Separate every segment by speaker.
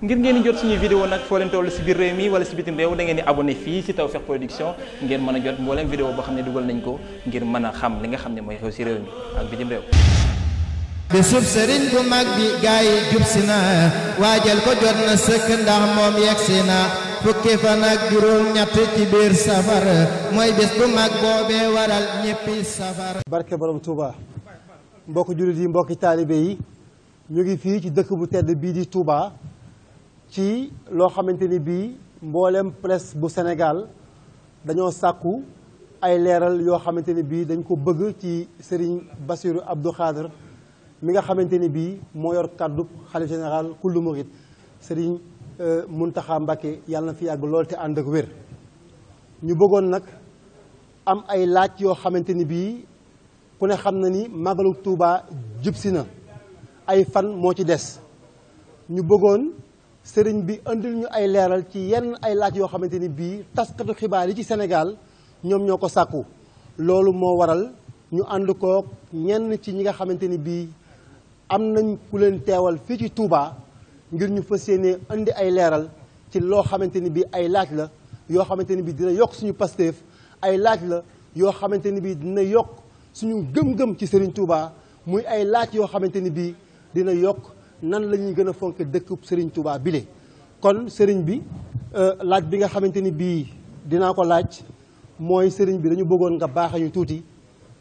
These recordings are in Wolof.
Speaker 1: ngir ngeen di jot suñuy vidéo nag foo leen toll si biir réew mi wala si bitim réew da ngeen di abonné fii si Tawfekh Production ngeen mën a jot mbooleem vidéo boo xam ne dugal nañ ko ngir mën a xam li nga xam ne mooy xew si réew mi ak bitim réew bisub sëriñ bu mag bi gaay yi jub si na waajal ko jot na sëkk ndax moom yegsi na fukki fan ak juróom
Speaker 2: ñett ci biir safar mooy bés bu mag boobee waral ñéppi safar barke borom Touba mbokk jullit yi mbokki taalibe ñu ngi fii ci dëkk bu tedd bii di Touba ci loo xamante ni bii mboolem presse bu Sénégal dañoo sàkku ay leeral yoo xamante ni bii dañ ko bëgg ci Serigne Bassirou Abdou Khadre mi nga xamante ni bii moo yor kàddu xalif général kullu murid Serigne euh, Mountakha Mbacké yàlla na fi yàgg lool te ànd ak wér ñu bëggoon nag am ay laaj yoo xamante ni bii ku ne xam na ni màggalu Tuuba jubsi na ay fan moo ci des ñu bëggoon sëriñ bi andil ñu ay leeral ci yenn ay laaj yoo xamante ni bii taskatu xibaar yi ci Sénégal ñoom ñoo ko sàkku loolu moo waral ñu ànd koog ñenn ci ñi nga xamante ni bii am nañ ku leen teewal fii ci Touba ngir ñu fa yéene andi ay leeral ci loo xamante ni bii ay laaj la yoo xamante ni bii dina yokk suñu Pastef ay laaj la yoo xamante ni bii dina yokk suñu gëm-gëm ci sëriñ Touba muy ay laaj yoo xamante ni bii dina yokk. nan la ñuy gën a fonke dëkkub Serigne Touba bile. kon sëriñ bi euh, laaj bi nga xamante ni bii dinaa ko laaj mooy sëriñ bi dañu bëggoon nga baaxañu tuuti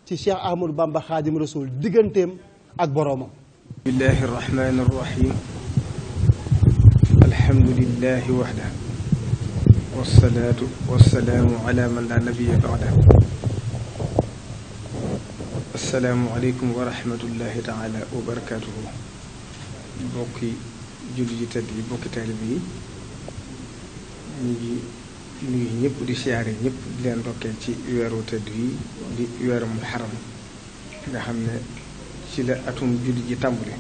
Speaker 2: ci Cheikh Ahmadou Bamba Khadim Rasoul digganteem ak boroomam. bismillahi rahmani rahim alhamdulillahi wahda wasalaatu
Speaker 1: wasalaamu ala man laa nabiya baada assalaamu aleykum wa rahmatullahi taala wa barakatuhu bokki jullit yi tedd yi bokki taalibe yi ñu ngi nuyu ñëpp di siyaare ñëpp di leen ndokkeel ci weeru tedd yi di weeru muharram nga xam ne ci la atum jullit ji tàmbali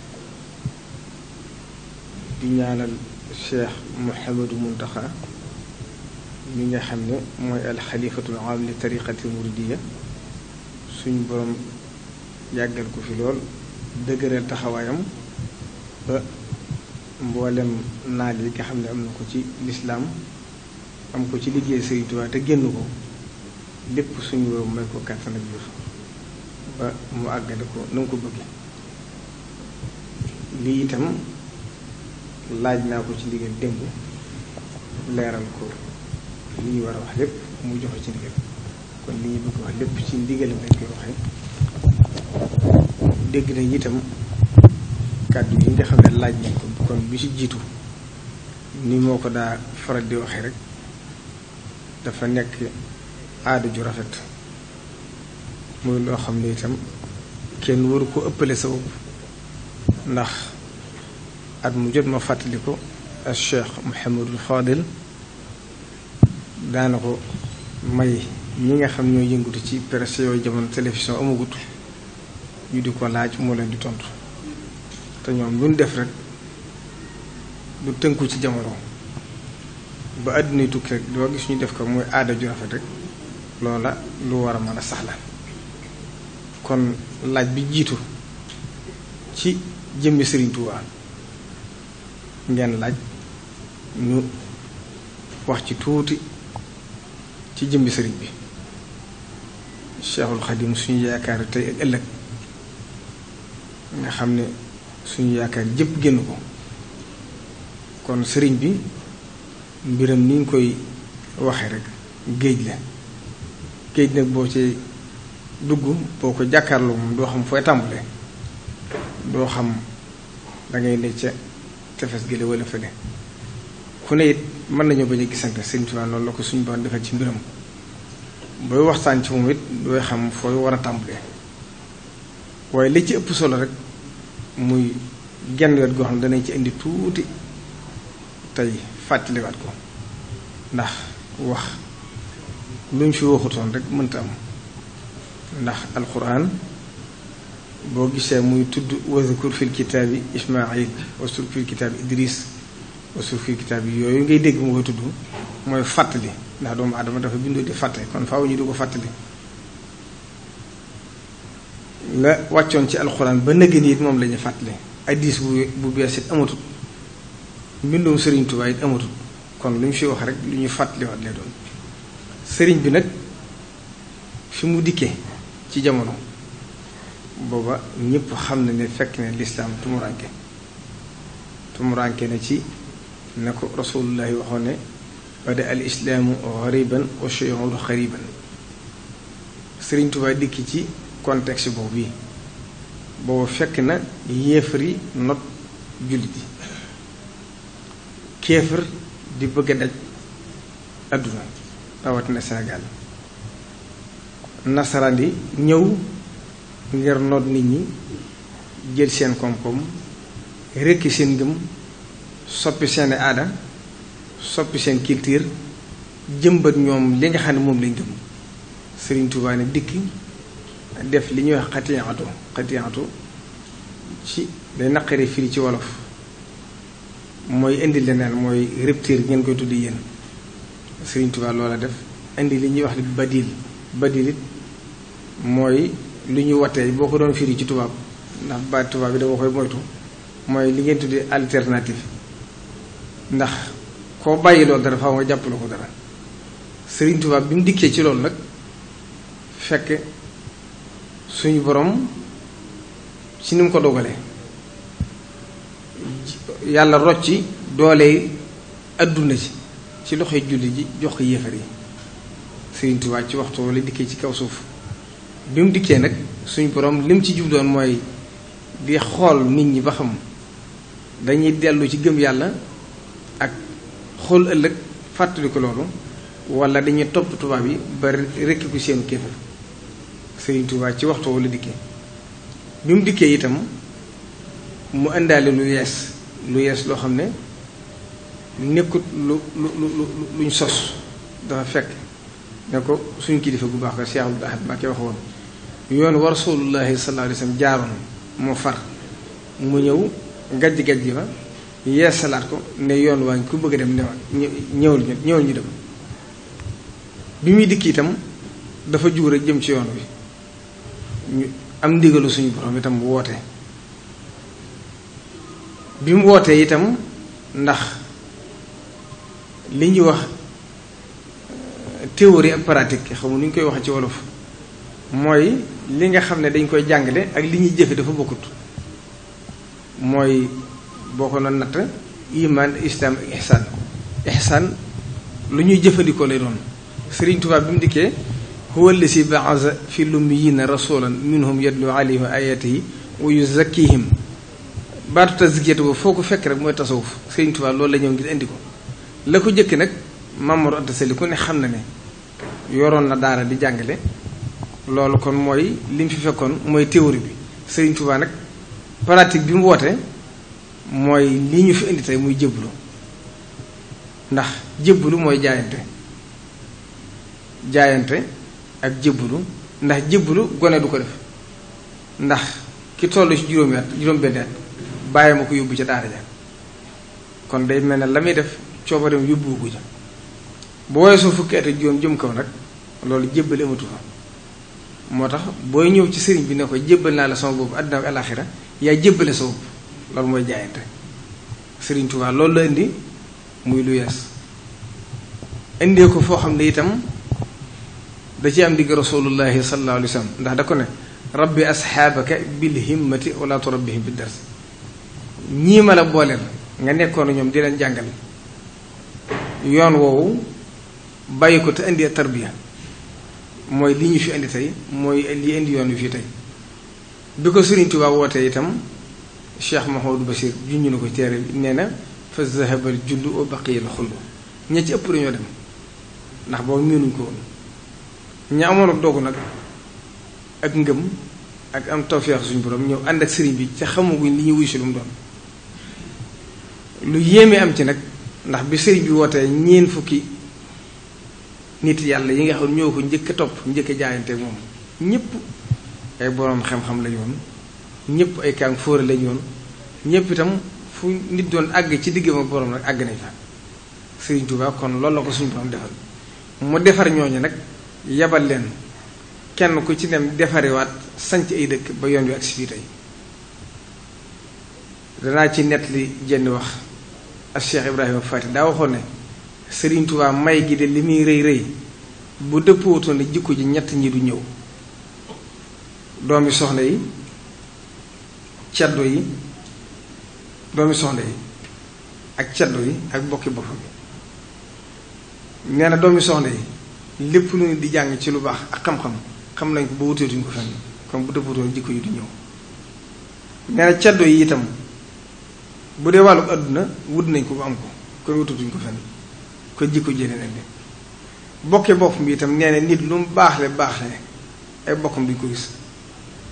Speaker 1: di ñaanal cheikh Mouhamadou Mountakha mi nga xam ne mooy alxalifatul am li tariqati muridiya suñ borom yàggal ko fi lool dëgëral taxawaayam ba mbooleem naaj yi nga xam ne am na ko ci lislaam am ko ci liggéey Sëriñ Tuubaa génn ko lépp suñu boroom may ko kàttan ak jur ba mu àggale ko na ko bëgge lii itam laaj naa ko ci ndigal démb leeral ko li ñu war a wax lépp mu joxe ci ndigal kon li ñu bëgg wax lépp ci ndigal lañ koy dégg nañ itam kàddu yi nga xam laaj nañ ko kon bi ci jiitu ni moo ko daa faral di waxee rek dafa nekk aada ju rafet mooy loo xam ne itam kenn waru ko ëppale sa bopp ndax at mu jot ma fàttali ko ak Cheikh Mouhamadul Fadil daana ko may ñi nga xam ñoo yëngatu ci presse yooyu jamono télévision amagut yu di ko laaj moo leen di tontu. te ñoom lu ñu def rek du tënku ci jamono ba àdduna tukki rek doo gis ñu def ko mooy aada ju rafet rek loola lu war a mën a sax la kon laaj bi jiitu ci jëmbi Serigne Touba ngeen laaj ñu wax ci tuuti ci jëmbi sëriñ bi Cheikhul Khadim suñu yaakaar tey ëllëg nga xam ne suñu yaakaar jëpp génn ko kon sëriñ bi mbiram ni ñu koy waxee rek géej la géej nag boo ci dugg boo ko jàkkaarloo moom doo xam fooy tàmbale doo xam dangay ne ca tefes gi la wala fële ku ne it mën nañoo bañ a gisante sëriñ Tuubaa loolu la ko suñu boroom defal ci mbiram booy waxtaan ci moom it dooy xam fooy war a tàmbale waaye li ci ëpp solo rek muy genn wet goo xam ne danañ ci indi tuuti tey fàttaliwaat ko ndax wax luñ fi waxutoon rek mënta am ndax alquran boo gisee muy tudd wazukur fil kitaabi ismail wasur fil kitaabi idris wasur fil kitaabi yooyu ngay dégg mu koy tudd mooy fàttali ndax doomu aadama dafa bindoo di fàtte kon faw ñu di ko fàttali la wàccoon ci alxuraan ba nëgën moom lañuy ñuy fàttali bu bu bees it amatul mbindum sëriñ Tuubaa it amatul kon lu ñu fi wax rek lu ñuy fàttaliwaat lay doon sëriñ bi nag fi mu dikkee ci jamono booba ñëpp xam na ne fekk ne lislaam tumuranke tumuranke na ci na ko rasulullahi waxoon ne bada al islaamu xariban wa shuyuur xariban sëriñ Tuubaa dikki ci contexte boobu bi boobu fekk na yéefari not jullit yi kéefar di bëgg a daj adduna rawatina Sénégal nasaraan yi ñëw ngir noot nit ñi jël seen koom-koom rekki seen ngëm soppi seeni aada soppi seen culture jëmbët ñoom li nga xam ne moom lañ gëm Sëriñ Tuubaa ne def li ñuy wax xatiyaatu xatiyaatu ci day naqari firi ci wolof mooy indi leneen mooy rupture ngeen koy tudd yéen Sëriñ Tuubaa loola def indi li ñuy wax badil badil it mooy lu ñu watee boo ko doon firi ci tubaab ndax baat tubaab bi dama koy moytu mooy li ngeen tuddee alternative ndax koo bàyyi loolu dara faaw nga jàppale ko dara Sëriñ Tuubaa bi mu dikkee ci loolu nag fekk suñu boroom ci ni mu ko dogalee yàlla rocci doole àdduna ci ci loxoy julli ji jox ko yéefar yi Sëriñ Tuubaa ci waxtu wala dikkee ci kaw suuf bi mu dikkee nag suñu borom lim ci jubloon mooy di xool nit ñi ba xam dañuy dellu ci gëm yàlla ak xool ëllëg fàttali loolu walla dañuy topp tubaab yi ba rekki ku seen kéefar Sëriñ ci waxtu wala dikkee bi mu dikkee itam mu indaale lu yees lu yees loo xam ne nekkut lu lu lu luñ sos dafa fekk ne ko suñ kilifa gu baax ko Cheikh Abdou Ahad Mbacké waxoon yoon wa rasulullahi sallallahu alayhi wa sallam jaaroon moo far mu ñëw gajj gajj ba yeesalaat ko ne yoon waañ ku bëgg a dem newal ñëwal ñu ñëwal ñu dem bi muy dikk itam dafa juur a jëm ci yoon wi ñu am ndigalu suñu borom itam mu woote bi mu wootee itam ndax li ñuy wax euh, théorie ak pratique xamu nu ñu koy waxee ci wolof mooy li nga xam ne dañ koy jàngale ak li ñuy jëfe dafa bokkut mooy boo ko noonu natt iman islam ak ihsaan ihsaan lu ñuy jëfandikoo lay doon Sëriñ Tuubaa bi mu dikkee huwa alladi baasa fi lummiyiina rasulan minhum yatlu alayhim ayatihi wa yuzakkihim baatu tazkiyatu boobu foo ko fekk rek mooy tasawuf Sëriñ Tuubaa loolu la ñëw ngir indi ko la ko jëkk nag Mamour Anta Sali ne xam na ne yoroon na daara di jàngale loolu kon mooy li fi fekkoon mooy théorie bi Sëriñ Tuubaa nag pratique bi mu woote mooy li ñu fi indi tey muy jébbalu ndax jébbalu mooy jaayante jaayante ak jébbalu ndax jébbalu gone du ko def ndax ki toll ci juróomi at juróom-benn at bàyyi ma ko yóbbu ca daara ja kon day mel ne la muy def coobareem yóbbu ko ja bu weesoo fukki juróom jëm kaw nag loolu jébbale amatu fa moo tax booy ñëw ci sëriñ bi ne ko jébbal naa la sama boobu àddina ak alaaxira yaa jébbale sa bopp loolu mooy jaayante sëriñ Tuubaa loolu la indi muy lu yees indee ko foo xam ne itam da ci am digg rasulullahi sallallahu alayhi wa sallam ndax da ko ne rabbi asxaabaka bil himmati wala turabbihim bi dars ñii ma la booleel nga nekkoon ñoom di leen jàngal yoon woowu bàyyi ko te indi tarbiya mooy li ñu fi indi tey mooy li indi yoon wi fi tey bi ko Sëriñ Tuubaa wootee itam Cheikh Mahamadou Bachir junñu na ko teere bi nee na fa zahabal jullu wa baqiyal xullu ña ci ëpp dañoo dem ndax boobu miinuñ ko woon ñi amoon ak dogu nag ak ngëm ak am tawfeex suñu borom ñëw ànd ak sëriñ bi ca xamaguñ li ñu wuy si lu mu doon lu yéeme am ci nag ndax bi sëriñ bi wootee ñeen fukki nit yàlla yi nga xam ñoo ko njëkk a topp njëkk a jaayante moom ñëpp ay boroom xam-xam lañu woon ñëpp ay kàng fóore lañu woon ñëpp itam fu nit doon àgg ci diggam ak borom nag àgg nañ fa sëriñ Tuubaa kon loolu la ko suñu borom defal mu defar ñooñu nag yabal leen kenn ku ci dem defarewaat sanc ay dëkk ba yoon wi ak si fii danaa ci nett li jenn wax ak Cheikh Ibrahima Fati daa waxoon ne Serigne may gi de li muy rëy rëy bu dëppootoon ne jikko ji ñett ñi du ñëw doomi soxna yi ceddo yi doomi soxna yi ak caddo yi ak bokki boppam nee na doomi soxna yi lépp lu di jàng ci lu baax ak xam-xam xam nañ ko ba wuteetuñ ko fenn kon bu dëppatoon jikko yi du ñëw nee na caddo yi itam bu dee wàllu àdduna wut nañ ko ba am ko kon wuteetuñ ko fenn kon jikko jëlee nañ de bokke boppam bi itam nee na ay bokkam duñ ko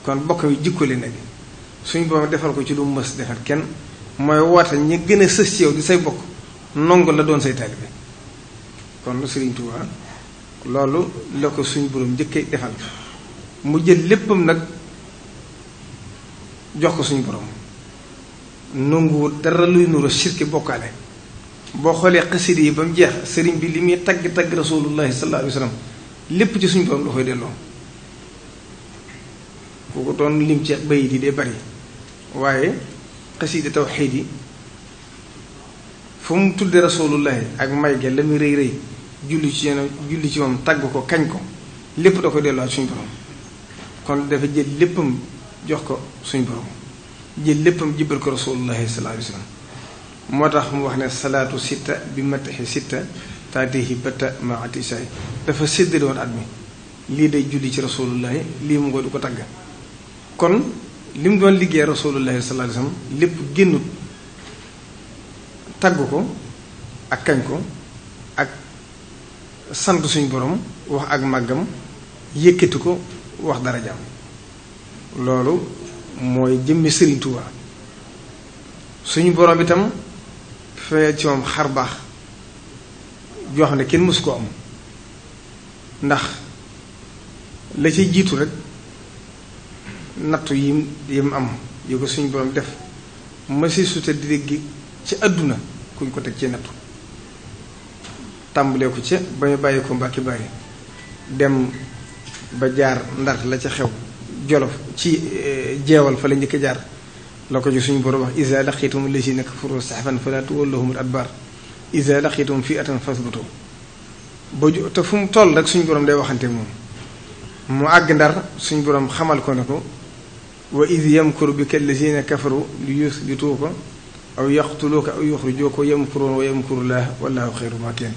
Speaker 1: kon bokkam yi jikko leen nekk suñ borom defal ko ci lu mu mës defal kenn mooy woote ñi gën a sës ci yow di say bokk nongu la doon say taalibe kon lu Sëriñ loolu la ko suñu borom njëkkee defal mu jël léppam nag jox ko suñu boroom nanguwul dara luy nuru sirki bokkaale boo xoolee xasida yi ba mu jeex sëriñ bi li muy tagg tagg rasulullahi sallallahu alayhi wa sallam lépp ci suñu borom la koy delloo kooku doon lim ci bayit yi dee bari waaye xasida tawxiid yi fu mu tuddee rasulullahi ak may ge la muy rëy rëy julli ci yéen julli moom tagg ko kañ ko lépp da ko delluwaat suñ borom kon dafa jël léppam jox ko suñu borom jël léppam jibal ko rasulullahi sallallahu alayhi wasallam moo tax mu wax ne salaatu sitta bi mataxi sitta taatihi bata ma atisay dafa séddale woon at mi lii day julli ci rasulullahi lii mu ngo du ko tagg kon li mu doon liggéey rasulullahi sallallahu alayhi wasallam lépp génnut tagg ko ak kañ ko sant suñu boroom wax ak màggam yëkkati ko wax dara loolu mooy jëmme Serigne Touba suñu boroom itam fee ci moom xar baax joo ne kenn mësu koo am ndax la ci jiitu rek nattu yi yi am yi ko suñu borom def ma si sute di dégg ci àdduna kuñ ko teg ci nattu tàmbalee ko ca ba ñu bàyyi ko Mbàkke bari dem ba jaar Ndar la ca xew Jolof ci eh, jeewal fa la njëkk jaar la ko ci suñu borom wax iza la lazina kafaru zahfan fala tuwalluhumul adbar iza laqitum fi'atan fasbutu ba ju te fu mu toll rek suñu borom day waxante moom mu àgg Ndar suñu borom xamal ko ne ko wa iz bi bika lazina kafaru li yusbituka aw yaqtuluuka ko yuxrijuuka wa yamkuruun wa yamkurullah wallaahu xayru maakirin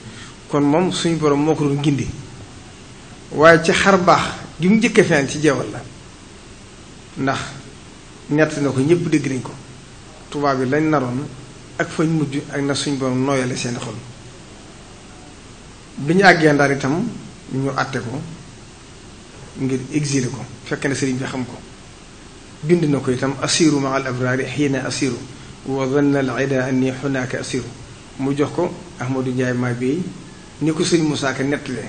Speaker 1: kon moom suñu boroom moo ko doon gindi waaye ci xar baax gi mu njëkk a ci jeewal la ndax nett na ko ñëpp dégg nañ ko tubaab bi lañ naroon ak fañ mujj ak na suñ borom nooyale seen xol bi ñu àggee ndar itam ñu àtte ko ngir exilé ko fekk na sëriñ bi xam ko bind na ko itam asiru ma al abraari na asiru waa wa zanna al ida anni hunaaka asiru mu jox ko Ahmadou Ndiaye maa bi ni ko sëñ Moussa Ka nettalee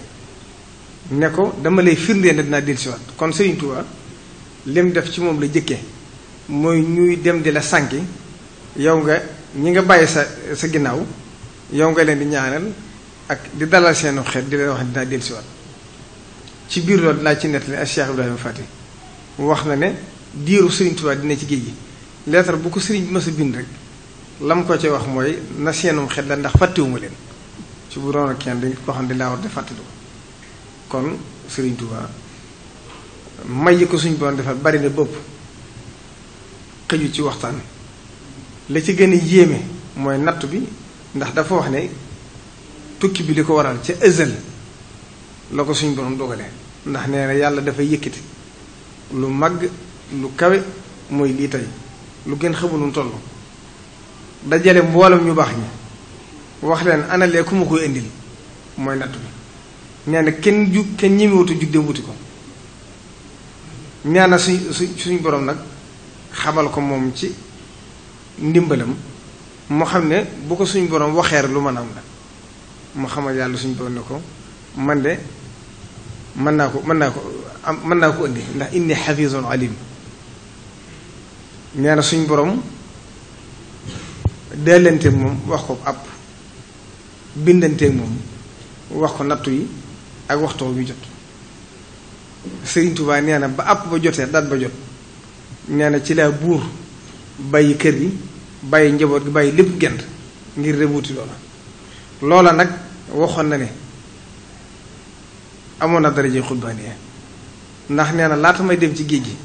Speaker 1: ne ko dama lay firndee ne dinaa siwaat kon sëñ Touba lim def ci moom la jëkke mooy ñuy dem di la sànki yow nga ñi nga bàyyi sa sa ginnaaw yow nga leen di ñaanal ak di dalal seenu xeet di leen wax dinaa dellusiwaat ci biir loolu dinaa ci nettali ak Cheikh Ibrahima Fati wax na ne diiru sëñ Touba dina ci géej gi leetar bu ko sëriñ bi mës bind rek lam ko ci wax mooy na seenum xel la ndax fàttewuma leen ci bu doon ak kenn dañ ko xam ne dinaa war di fàttaliku kon sëriñ Touba may ko suñ boon defal bari na bopp ci waxtaan la ci gën yéeme mooy natt bi ndax dafa wax ne tukki bi li ko waral ca ëzal la ko suñ borom dogale ndax nee na yàlla dafa yëkkati lu mag lu kawe mooy lii tey lu gën xamul nu toll dajale mboolam ñu baax ñi wax leen analee ku ma koy indil mooy natt bi nee na kenn ju kenn ñemewutu jug dem wuti ko ñaana na suñ suñ borom nag xamal ko moom ci ndimbalam moo xam ne bu ko suñ borom waxeer lu mën am la mu xamal yàlla suñ borom ne ko man de mën naa ko mën naa ko am mën naa ko indi ndax inni xafisun alim nee na suñ borom dellanteeg moom wax ko ab bindanteeg moom wax ko nattu yi ak waxtu wi jot Sëriñ Tuubaa nee na ba àpp ba jotee dat ba jot nee na ci laa buur bàyyi kër gi bàyyi njaboot gi bàyyi lépp gent ngir rebuuti loola loola nag waxoon na ne amoon na daraje xutbaaniya ndax nee na laata may dem ci géej gi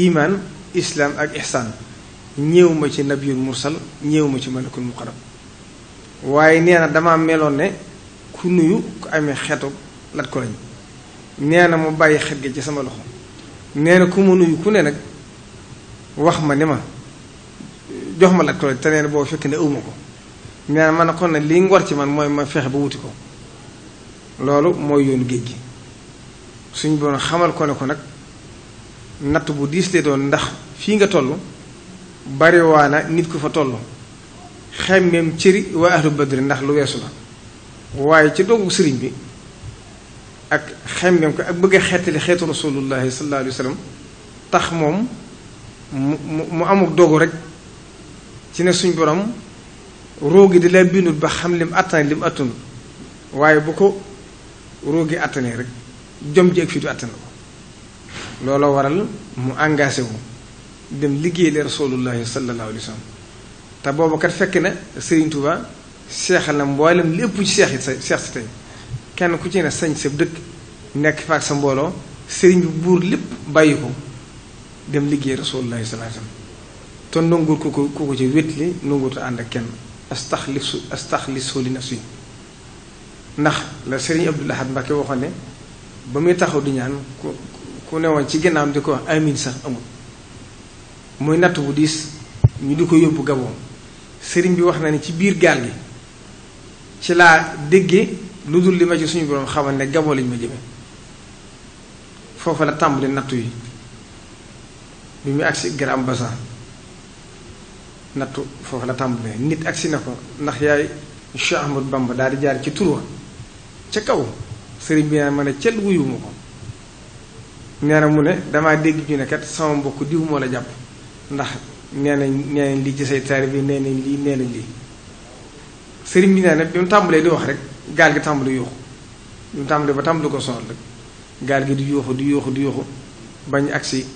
Speaker 1: iimaan islaam ak ihsaan ñëw ma ci nabiyul mursal ñëw ma ci malakul muqarrab waaye nee na dama meloon ne ku nuyu ku amee xeetu lat ko nee na mu bàyyi xet gi ci sama loxo nee na ku ma nuyu ku ne nag wax ma ne ma jox ma lat ko te nee boo fekk ne ëwma ko nee na man kon ne li ngor ci man mooy ma fexe ba wuti ko loolu mooy yoonu géej gi suñ boon xamal ko ne ko nag natt bu diis lay doon ndax fii nga toll bariwaana nit ku fa toll xemmeem cëri waa ahlu badri ndax lu weesu la waaye ci doogu sëriñ bi ak ngeen ko ak bëgg a xeetali xeetu rasulullahi sallallahu alayhi wa sallam tax moom mu mu amuk rek ci ne suñ borom róogi di la bindul ba xam lim attan lim attanul waaye bu ko róogi attanee rek jom ji ak fii du àttana ko looloo waral mu engagé wu dem liggéey le rasulullahi sallallahu alayhi wa te boobu kat fekk na Serigne Touba seexal na mboolem lépp ci seex sa seex kenn ku ci ne sañ dëkk nekk fa sa mbooloo Serigne bi buur lépp bàyyi ko liggéey rasulullahi sallallahu alayhi wa sallam te nanguwul ko ku ko ci wétli nanguwutu ànd ak kenn astaxlisu astaxlisu li nafsi ndax la Serigne Abdoul Ahad Mbacké ne ba muy taxaw di ñaan ko ku newoon ci ginnaawam di ko wax amin sax amul muy natt bu diis ñu di ko yóbbu Gabon sëriñ bi wax na ne ci biir gaal gi ci laa déggee lu dul li ma ci suñu boroom xamal ne Gabon lañ ma jëme foofa la tàmbali nattu yi bi mu agsi Grand Bassam nattu foofu la tàmbalee nit agsi na ko ndax yaay Cheikh Ahmadou Bamba di jaar ci turwa ca kaw sëriñ bi naa ma ne cel wuyuma ko nee na mu ne damaa dégg ñu ne kat sama mbokk diw moo la jàpp ndax nee nañ nee nañ lii ci say taari bi nee nañ lii nee nañ lii sëriñ bi nee na bi mu tàmbalee di wax rek gaal gi tàmbali yuuxu bi mu tàmbalee ba tàmbali ko sonal rek gaal gi di yuuxu di yuuxu di yuuxu bañ agsi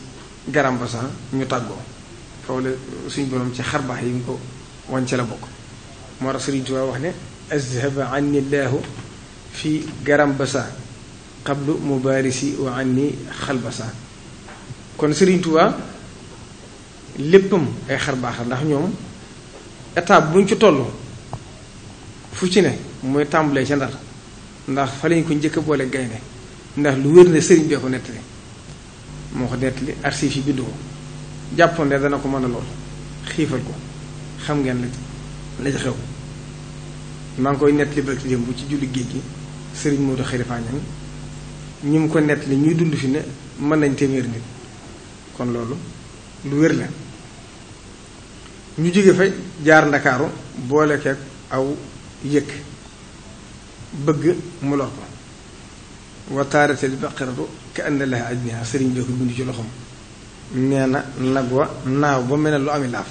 Speaker 1: garam ba ñu tàggoo foofu la suñ borom ci xar baax yi mu ko wañ ci la bokk moo tax sëriñ Tuubaa wax ne azhaba ni llaahu fi garam ba qablu mubaarisi wa anni xalbasa kon Serigne Touba léppam ay xar baaxal ndax ñoom étape buñ ci toll fu ci ne mooy tàmbalee ca ndar ndax fa lañ ko njëkk a boole gaynde ndax lu wér ne sëriñ bee ko nettali moo ko nettali archives yi bind ko jàppoon ne dana ko mën a lool xiifal ko xam ngeen la la xew maa koy nettali ci démb ci julli géej gi Serigne Modou Khalifa Niang ñi mu ko nettali ñuy dund fi ne mën nañ téeméer nit kon loolu lu wér la ñu jóge fa jaar ndakaaru boole keeg aw yëkk bëgg mu lox ko wa taaratil baqaratu ka anna laha ajniha sëriñ bi ko dund ci loxoom nee na nag wa naaw ba mel ne lu ami laaf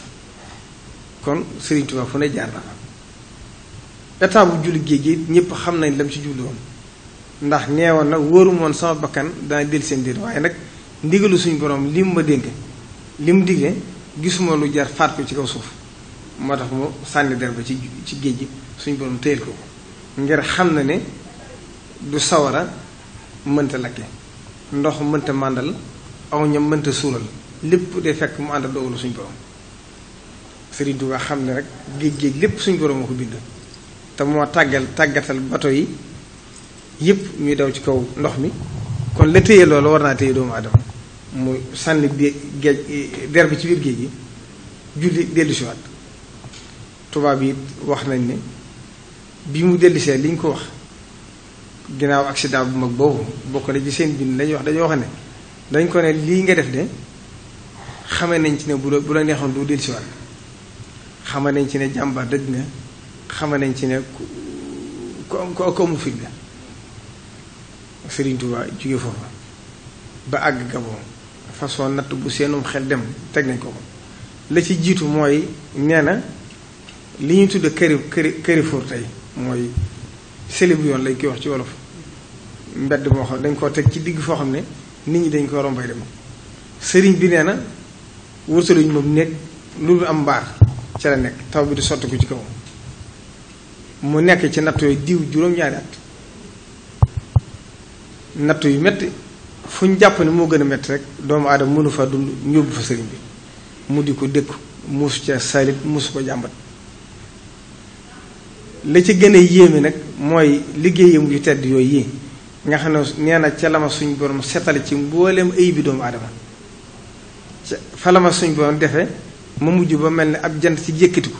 Speaker 1: kon sëriñ Tuubaa fu ne jaar na fa état bu julli géej gi ñépp xam nañ lam ci jublu woon ndax neewoon nag wóorum woon sama bakkan dana dell seen diir waaye nag ndigalu suñu borom lii mu ma dénk li mu digle gisuma lu jar faat ko ci kaw suuf moo tax mu sànni der ba ci géej gi suñu borom téyel ko ngir xam na ne du sawara mënta lakke ndox mënta màndal aw ñam mënta suural lépp de fekk mu ànd ak dogalu suñu borom Sëriñ Tuubaa xam ne rek géej géej lépp suñu borom moo ko bind te moo tàggal tàggatal bato yi yëpp ñuy daw ci kaw ndox mi kon la téye loolu war naa téye doomu aadama mu sànni bi géej der bi ci biir géej gi julli dellusiwaat tubaab yi wax nañ ne bi mu dellusee li ñu ko wax ginnaaw accident bu mag boobu bokk na ci seen bind lañuy wax dañoo wax ne dañ ko ne lii nga def de xame nañ ci ne bu la bu la neexoon du dellusiwaat xame nañ ci ne jàmbaar dëgg nga xame nañ ci ne ku ku ku amu fit la sëriñ Touba jóge foofu ba àgg Gabon façon natt bu seenum xel dem teg nañ ko ko la ci jiitu mooy nee na li ñuy tudd këri këri kërifoor tey mooy selibu yoon lañ koy wax ci wolof mbedd moo xam dañ koo teg ci digg foo xam ne nit ñi dañ ko rombay dem sëriñ bi nee na wërtaluñ moom nekk lu am mbaar ca la nekk taw bi di sotti ko ci kaw mu nekk ci natt yooyu diw juróom-ñaari at natt yu metti fu ñu jàpp ne moo gën a metti rek doomu aadama mënu fa dund ñu yóbbu fa sëriñ bi mu di ko dëkku muus ca salit muusu ko jàmbat la ci gën a yéeme nag mooy liggéeyam yu tedd yooyu yi nga xam ne nee ca la ma suñ borom setal ci mbooleem ay bi doomu aadama ca fa la ma suñ borom defee ma mujj ba mel ne ab jant ci jékkati ko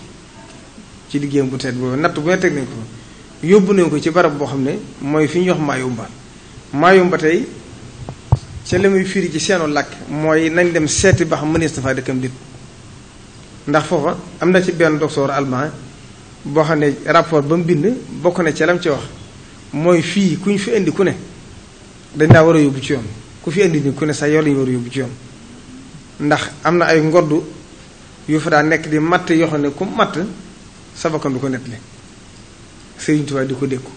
Speaker 1: ci liggéeyam bu tedd boobu natt bu ne teg nañ ko yóbbu nañ ko ci barab boo xam ne mooy fi ñuy wax may yóbba maayum ba tey ca li muy firi ci seenu làkk mooy nañ dem seeti ba xam mënees na faa dëkkam dit ndax foofa am na ci benn docteur allemand boo xam ne rapport ba mu bind bokk na ca lam ci wax mooy fii ku ñu fi indi ku ne dañ daa war a yóbbu ci yoon ku fi indi ni ku ne sax yow la ñu war a yóbbu ci yoon ndax am na ay ngoddu yu fa daa nekk di matt yoo xam ne ku matt sabakan du ko nettali Sëriñ Tuubaa di ko dékku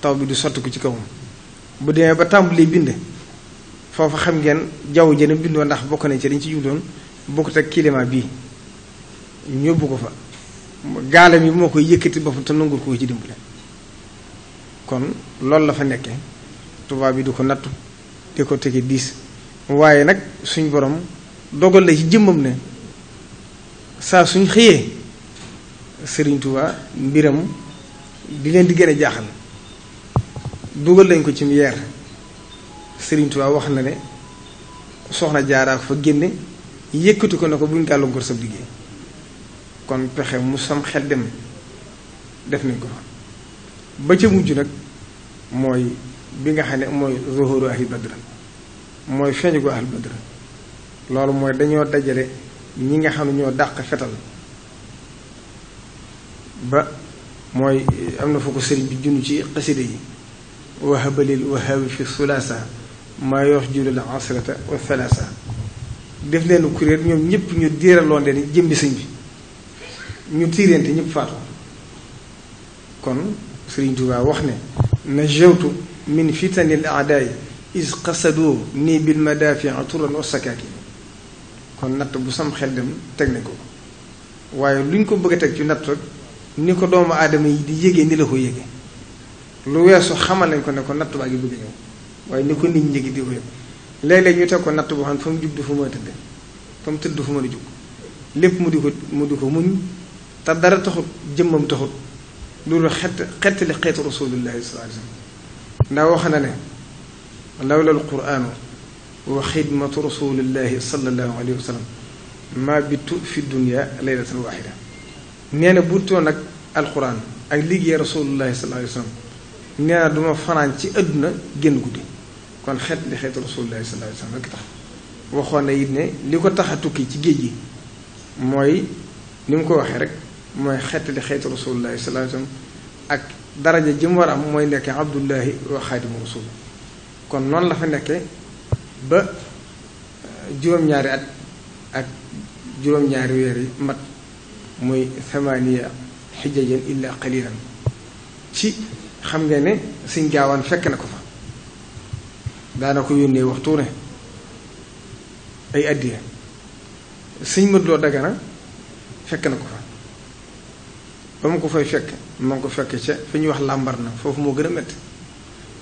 Speaker 1: taw bi du sotti ko ci kawam bu demee ba tàmbalee bind foofu xam ngeen jaww jëne bindoo ndax bokk nañ ci dañ ci jubloon bokkut ak climat bii ñu yóbbu ko fa gaalam yi moo koy yëkkati boppam te nangul ko ci dimbale kon loolu la nekke tubaab bi du ko nattu di ko tege diis waaye nag suñ boroom dogal la ci jëmmam ne saa suñ xëyee Sëriñ Tuubaa mbiram di leen di gën a jaaxal dugal lañ ko ci mu yeer Sëriñ wax na ne soxna jaaraa fa génne yëkkati ko ne ko buñ gàllankoor sa liggéey kon pexe mu sam xel dem def nañ ko fa ba ca mujj nag mooy bi nga xam ne mooy zuhuru ahli badr mooy feeñu ko ahli badr loolu mooy dañoo dajale ñi nga xam ne ñoo dàq fetal ba mooy am na foo ko sëriñ bi junn ci xasida yi wahaba lil wahaabi fi sulaasa maa yuxjilu al asrata wa thalaasa def leen kuréel ñoom ñëpp ñu diiraloon leen jëmbi sëñ bi ñu tiirante ñëpp faatu kon Sëriñ Tuubaa wax ne najawtu min fitanil aadaay is qasadoo nii bil madaafi turan wa sakaaki kon natt bu sam xel dem teg nañ ko waaye luñ ko bëgg a teg ci natt ni ko doomu aadama yi di yéegee ni la ko yéegee lu weesu xamal nañ ko ne ko natt baa ngi bëgg ñëw waaye ni ko nit ñi ngi ko yëg ñu teg ko natt boo xam ne fa mu jub du fa mën a tëdd fa mu tëdd du lépp mu di ko mu ko muñ te dara taxut jëmmam taxut loolu xet xet li xeetu rasulullahi sallallahu alayhi wasallam ndax wax na ne lawla alquranu wa xidmatu rasulillahi sallallahu alayhi wa sallam ma bittu fi dunia laylatan waxida nee na bu toon ak alquran ak liggéey rasulullahi sallallahu alayhi nee na duma fanaan ci àdduna génn guddi kon xet li xeetu rasulullahi sallallahu alayhi rekk tax waxoon na it ne li ko tax a tukki ci géej gi mooy ni mu ko waxee rek mooy xet li xeetu rasulullahi sallallahu alayhi ak daraja ji mu war am mooy nekk abdullahi wa xaadimu rasul kon noonu la fa nekkee ba eh, juróom-ñaari at ak juróom-ñaari weer mat muy thamaniya xijajeen illa qalilan ci xam nga ne suñ gaawaan fekk na ko fa daana ko yónnee waxtu ne ay addiya suñ mënuloo dagana fekk na ko fa ba mu ko fay fekk ma ko fekk ca fi ñuy wax làmbar na foofu moo gën a métti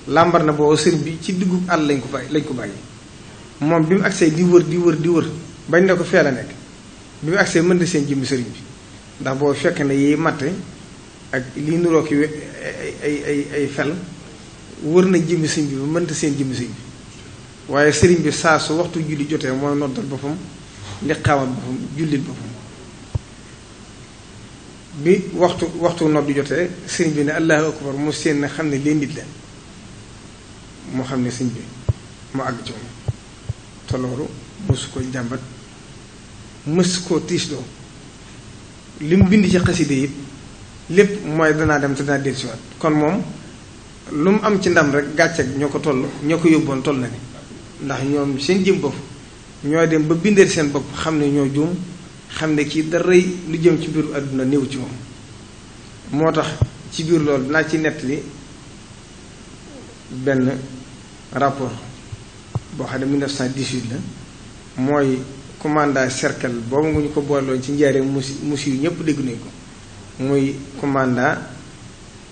Speaker 1: làmbar na boo sëriñ bi ci diggu àll lañ ko bàyyi lañ ko bàyyi moom bi mu agsee di wër di wër di wër bañ ne ko fee la nekk bi mu agsee mën na seen jëmmi sëriñ bi ndax boo fekk na yi matte ak li nuroo ki ay ay ay fel wër na jëmmi sëñ bi ba mënta seen jëmmi sëñ bi waaye sëriñ bi saa su waxtu julli jotee mooy noddal boppam liqaamal boppam jullil boppam bi waxtu waxtu noddu jotee sëriñ bi ne allahu akbar mu seen na xam ne leen nit la mu xam ne sëñ bi mu àgg ci moom te ko jàmbat mës koo tiisloo li mu bind ci xaside yëpp lépp mooy danaa dem te danaa dellu siwaat kon moom lu mu am ci ndam rek gàcce gi ñoo ko toll ñoo ko yóbboon toll na ndax ñoom seen jëm bopp ñoo dem ba bindal seen bopp xam ne ñoo juum xam ne kii dara lu jëm ci biiru àdduna néew ci moom moo tax ci biir loolu dinaa ci nettali benn rapport boo xam ne 1918 la mooy commandant cercle boobu nga ñu ko boolewoon ci njaareem musi musi yu ñëpp dégg nañ ko muy commandant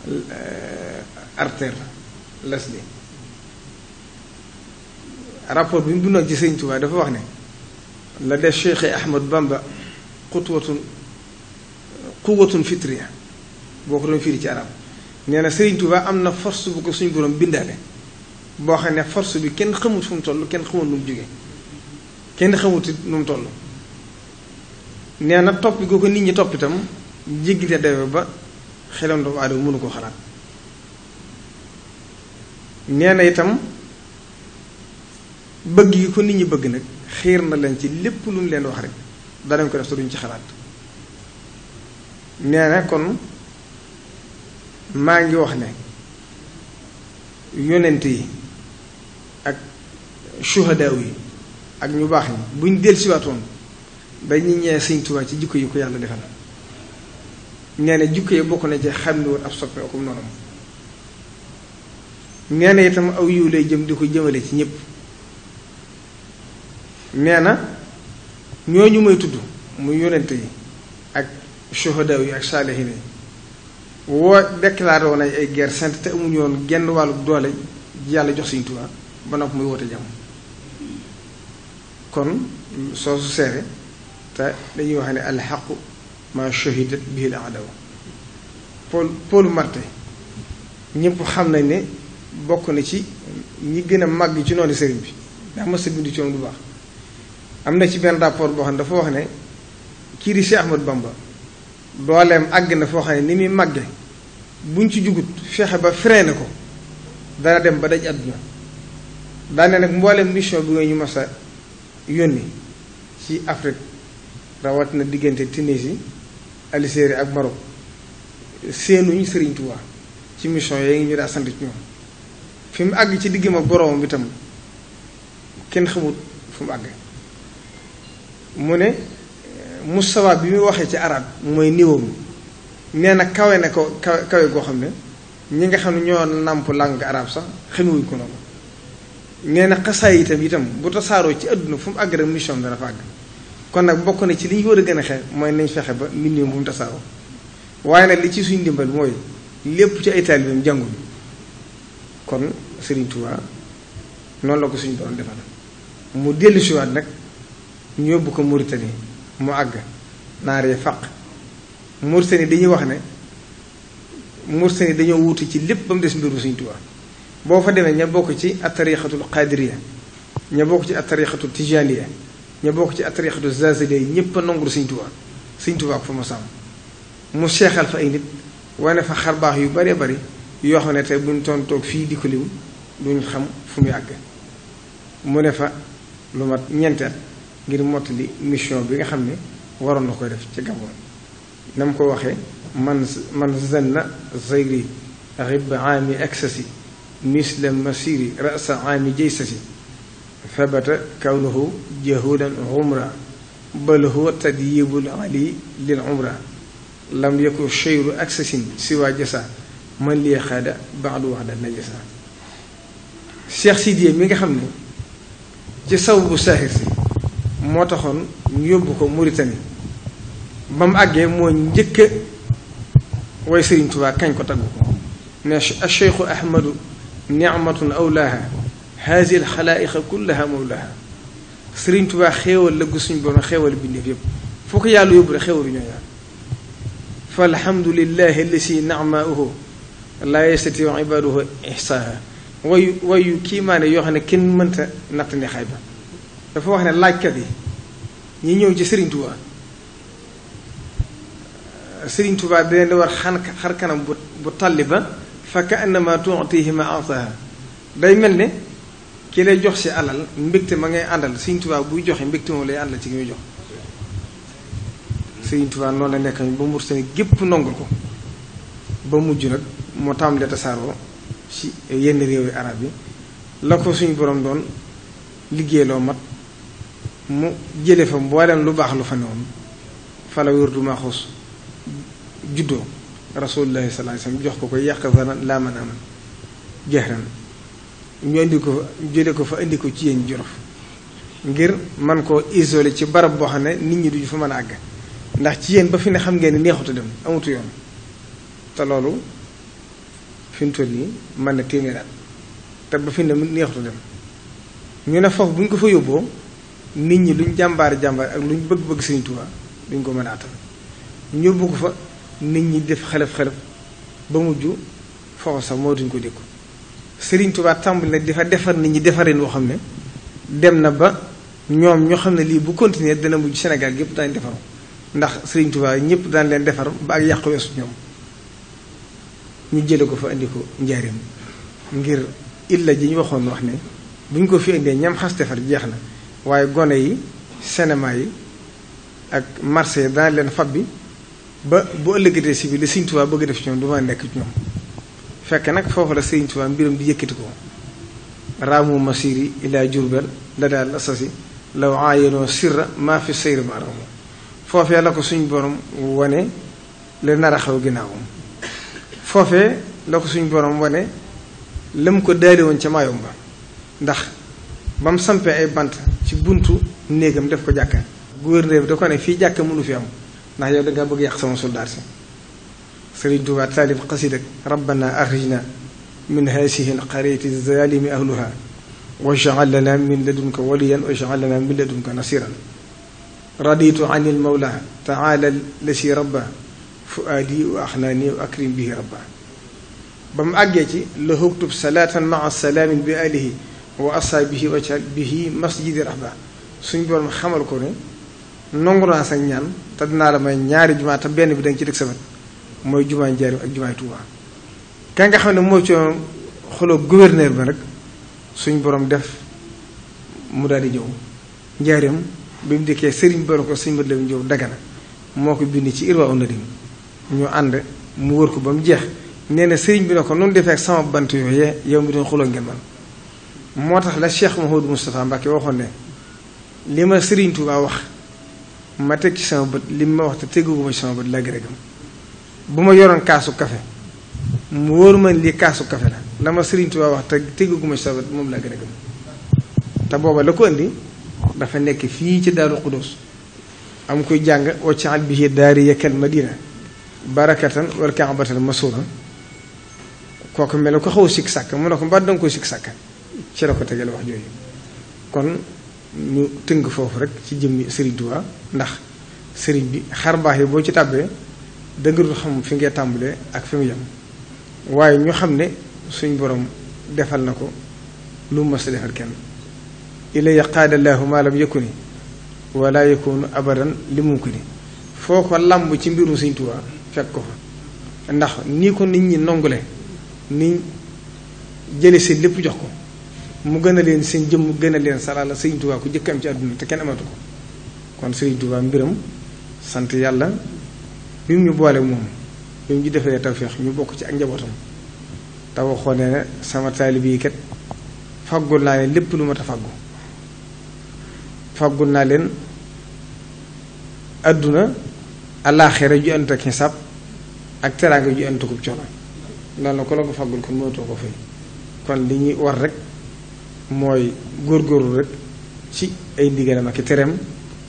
Speaker 1: euh, artère Leslie rapport bi mu bindoon ci Sëriñ Tuubaa dafa wax ne la def Cheikh Ahmad Bamba xutwatun quwwatun fitriya boo ko doon firi ci arab nee na Sëriñ Tuubaa am na force bu ko suñu borom bindaale boo xam ne force bi kenn xamut fu mu kenn xamut nu mu jóge kenn xamut nu mu toll nee na topp goo ko nit ñi topp itam jéggi te dayo ba xelam doomu aadama mënu ko xalaat nee na itam bëgg yi ko nit ñi bëgg nag xiir na leen ci lépp lu mu leen wax rek danañ ko def sa duñ ci xalaat nee na kon maa ngi wax ne yonent yi ak suhadaaw yi ak ñu baax ñi buñ dellusiwaatoon dañuy ñee Sëñ Tuubaa ci jikko yi ko yàlla defal nee na jukko yi bokk na ci xàmmewul ab soppeekum noonu nee na itam aw yiw lay jëm di ko jëmale ci ñëpp nee na ñu may tudd muy yonente yi ak shuhada yi ak saalihin yi woo déclaré woon ay guerre sainte te amuñu woon genn wàllu doole yàlla jox Sëriñ Tuubaa ba noppi muy woote jàmm kon soo su seere te dañuy wax ne alxaqu maa shahidat bihi al a'daw Paul Paul Marty ñëpp xam na ne bokk na ci ñi gën a màgg ci noonu sëriñ bi ndax ma sa bind ci du baax am na ci benn rapport boo xam ne dafa wax ne kii di Cheikh Ahmad Bamba dooleem àgg na foo xam ne ni muy màgge buñ ci jugut fexe ba na ko dana dem ba daj àdduna dane nag mboolem mission bi nga ñu mas a yónni ci Afrique rawatina diggante Tunisie Algérie ak Maroc seenuñu sëriñ Touba ci mission yooyu ñu daa sant ci ñoom fi mu àgg ci diggam ak boroomam itam kenn xamut fu mu àgg mu ne mustawa bi muy waxee ci arab mooy niveau mi nee na kawe ne ko kawe kawe goo xam ne ñi nga xam ne ñoo nàmp langue arab sax xamewuñ ko noonu nee na xasaay itam itam bu tasaaroo ci àdduna fu mu àgg rek mission dana fa àgg kon nag bokk na ci li ñu war a gën a xeex mooy nañ fexe ba nit ñi bu mu tasaaroo waaye nag li ci suñ ndimbal mooy lépp ci ay taalibeem jàngul kon sëriñ Touba noonu la ko suñ borom defal mu dellu siwaat nag ñu yóbbu ko Mauritanie mu àgg naar yi faq Mauritanie dañuy wax ne Mauritanie dañoo wuute ci lépp ba mu des mbiru Serigne Touba boo fa demee ña bokk ci attariqatul qadiriya ña bokk ci attariqatul tijaniya ñu bokk ci atriqatu zazile yi ñëpp a nangul Sëñ Tuubaa Sëñ Tuubaa ko fa mu sàmm mu seexal fa ay nit wane fa xar baax yu baree bari yoo xam ne tey buñ toon toog fii di ko liw duñ xam fu muy àgg mu ne fa lu mat ñeenteel ngir mottali mission bi nga xam ne waroon na koy def ci Gabon na mu ko waxee man man zanna zayri rib aami aksasi misla masiri rasa aami jaysasi tabata kawnuhu jahulan umra bal huwa tadyibul ali lil umra lam yakun cheyru aksasin siwa jasa man lie xaada baxdu wax da najasa Cheikh Sidiye mi nga xam ne ci saw bu saaxir si moo taxoon ñu yóbbu ko Mauritanie ba mu àggee moo njëkk way Sëriñ Tuubaa kañ ko tagg ko ne acheikhu ahmadu nicmatun awlaaha haasi alxalaaiqa kullaha mawlaha sëriñ tubaa xéewal la gu suñ borom xéewal bindeef yépp foo ko yàlla yóbbu rek xéewal ñoo ñaar fa alhamdulillahi allasi naamauhu laa yastatiu ibaduhu ihsaaha wayu wayu kii maa ne yoo xam ne kenn mënta natt ne xayba dafa wax ne laajkat yi ñi ñëw ci sëriñ tubaa sëriñ tubaa war xar kanam bu bu talli ba fa ka annama tuutihima ataha day mel ne ki lay jox si alal mbégte ma ngay àndal Sëriñ Tuubaa buy joxe mbégte moom lay àndal ci ki muy jox Sëriñ Tuubaa noonu la nekk ba mu Mauritanie gépp nongul ko ba mujj nag moo tàmbalee tasaaroo ci yenn réew yi arab yi la ko suñu borom doon liggéey loo mat mu jële fa mboolem lu baax lu fa newoon fala wér du maaxuus juddoo rasuulullahi sallallahu alayhi wasallam jox ko koy yàq fa laa mën a aman jeex ñu indi ko ñu jële ko fa indi ko ci yéen Jolof ngir man koo isolé ci barab boo xam ne nit ñi duñu fa mën a àgg ndax ci yéen ba fi ne xam ngeen ne neexutu dem amatu yoon te loolu fi mu nii mën na téeméeraat te ba fi ne neexutu dem ñu ne foofu bu ñu ko fa yóbboo nit ñi luñ jàmbaar jàmbaar ak luñ bëgg-bëgg Sëriñ Tuubaa duñ ko mën a atal ñu yóbbu ko fa nit ñi def xelef xelef ba mujj foofu sax moo duñ ko dékku Sëriñ Tuubaa tàmbali nag dafa defar ni ñi defareen woo xam ne dem na ba ñoom ñoo xam ne lii bu continuer dana mujj Sénégal yëpp daañu defaru ndax Sëriñ Tuubaa ñëpp daan leen defar ba ak yàqu weesu ñoom ñu jële ko fa indi ko njaareem ngir illa ji ñu waxoon wax ne bu ñu ko fi indee ñam xas defar jeex na waaye gone yi cinéma yi ak marché daan leen fab bi ba bu ëllëgatee si bi la Sëriñ Tuubaa bëgg def ci ñoom du nekk ñoom fekk nag foofu la Sëriñ Tuubaa mbiram di yëkkati ko raamu masiri ila jurbel la daal asasi law aayenoo sirra maa fi sayri ma aramu foofee la ko suñ borom wane la nar a xaw ginnaawam foofee la ko suñ borom wane la mu ko daali woon ca maayom ba ndax ba mu sampee ay bant ci buntu néegam def ko jàkka gouverneur bi da ko ne fii jàkk mënu fi am ndax yow da nga bëgg yàq sama soldat si sëriñ Tuubaa taalif xasidak rabbana arrijna min haasihi alqaryati zalimi ahluha waj'al lana min ladunka waliyan waj'al lana min ladunka nasiran raditu an il mawla taala lasi rabba fuaadi wa axnaani bihi rabba ba mu àggee ci la huktub salaatan maa bi alihi wa bihi masjidi rahba suñ borom xamal ko ne nangu naa sa ñaan te la may ñaari jumaa te bi danga ci dëkk sa mooy jumaay njaarim ak jumaay Touba. ka nga xam ne mooy ci xoloo gouverneur ba rek suñ borom def mu daal di ñëw njaarim bi mu dikkee sëriñ borom ko suñ mbënd ñëw dagana moo ko bind ci irwa onadim ñu ànd mu wër ko ba mu jeex nee na sëriñ bi ne ko noonu defee ak sama bant yooyee yow mi doon xuloo ngeen moo tax la Cheikh Mouhamadou Moustapha Mbacké waxoon ne li ma sëriñ Touba wax ma teg ci sama bët li ma wax te tegugu ma ci sama bët laa bu ma yoroon kaasu kafe mu wóor man lii kaasu kafe la la ma Sëriñ wax te tegguma ci moom laa gën a gëm te booba la ko indi dafa nekk fii ci Daaru Xudóos am koy jàng waccaal bihi daari yekkal madina barakatan wal kaabatal masuura kooku mel ko xaw sikk sàkk mu ne ko mbaa danga ko sikk sàkk ci la ko tegal wax jooju kon ñu tënk foofu rek ci jëmmi Sëriñ Tuubaa ndax sëriñ bi xar baax yi boo ci tàbbee da nga dul fi ngay tàmbalee ak fi mu yem waaye ñoo xam ne suñ boroom defal na ko lu mas a defal kenn ilaya qaada llaahu ma lam yakuni wala yakunu abadan li mumkini foo ko làmb ci mbirum Sëñ Tuubaa fekk ko fa ndax nii ko nit ñi nongule ni jële seen lépp jox ko mu gën a leen seen jëmm gën a leen salaala Sëñ Tuubaa ku jëkk am ci àdduna te kenn amatu ko kon Sëñ Tuubaa mbiram sant yàlla bi mu ñu boole moom bi mu ñu defalee tawféex ñu bokk ci ak njabootam te waxoon ne sama taalib yi kat faggul naa leen lépp lu mat a faggu faggul naa leen àdduna alaaxira ju ant ak xisaab ak teraanga ju ant ko coono loolu la ko la ko faggul kon moytoo ko fay kon li ñuy war rek mooy góor góorlu rek ci ay ndigalam ak i tereem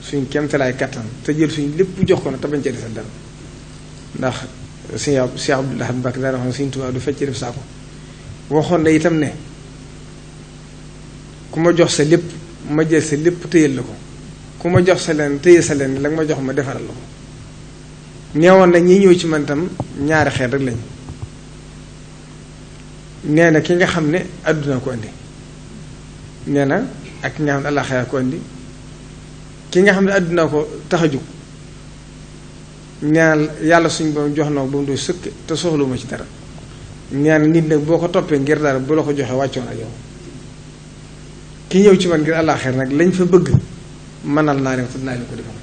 Speaker 1: suñ kemtalaay kattan te jël suñ lépp jox ko na te bañ ca desal dara ndax sëñ Cheikh Abdoul Ahad Mbacké daana wax ne sëñ Tuubaa du fecc def saako waxoon na itam ne ku ma jox sa lépp ma jël sa lépp téyel la ko ku ma jox sa leen téye sa leen la nga ma jox ma defaral la ko neewoon na ñi ñëw ci man itam ñaari xeet rek lañ nee na ki nga xam ne àdduna ko indi nee na ak ki nga ki nga xam ne àdduna ko tax a jóg ñaan yàlla suñ borom jox na ba mu doy sëkk te soxlu ci dara ñaan nit nag boo ko toppee ngir dara bu la ko joxee wàccoon ak yow ki ñëw ci man ngir àllaaxeer nag lañ fa bëgg mënal naa leen te dinaa leen ko defal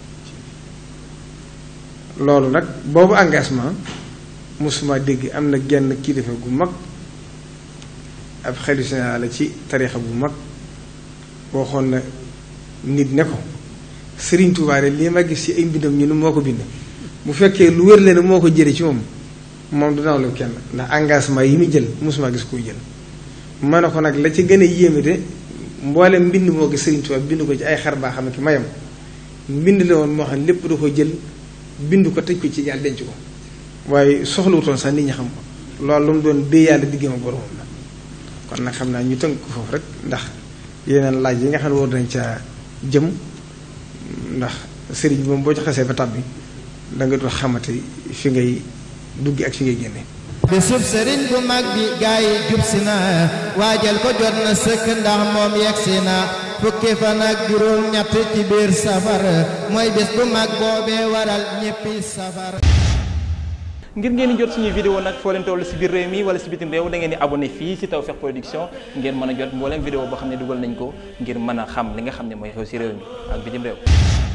Speaker 1: loolu nag boobu engagement mosuma dégg am na genn kilifa gu mag ab xelu la ci tarixa bu mag waxoon na nit ne ko Sëriñ Tuubaa li ma gis ci ay mbindam ñu ne moo ko bind bu fekkee lu wér leen moo ko jëlee ci moom moom du nawlu kenn ndax engagement yi mu jël mosuma gis ko jël ma ne ko nag la ci gën a yéemite mboolem mbind moo gis Sëriñ Tuubaa bind ko ci ay xar baa xam ne ki mayam mbind la woon moo xam lépp da ko jël bind ko tëj ko ci yàlla denc ko waaye soxlawutoon sax nit ñi xam ko loolu mu doon dee yàlla diggam ak boromam la kon nag xam naa ñu tënk ko foofu rek ndax yeneen laaj yi nga xam ne war nañ ca jëm ndax sëriñ bi moom boo ci xasee ba tàbbi da nga dul xamante fi ngay dugg ak fi ngay génne. bisub sëriñ bu mag bi gaa yi jub si na waajal ko jot na sëkk ndax moom yegg si na fukki fan ak juróom ñett ci biir safar mooy bés bu mag boobee waral ñéppi safar. ngir ngeen di jot suñuy vidéo nag foo leen toll si biir réew mi wala si bitim réew da ngeen di abonné fii si Tawfekh Production ngeen mën a jot mbooleem vidéo boo xam ne dugal nañ ko ngir mëna xam li nga xam ne mooy si réew mi ak bitim réew.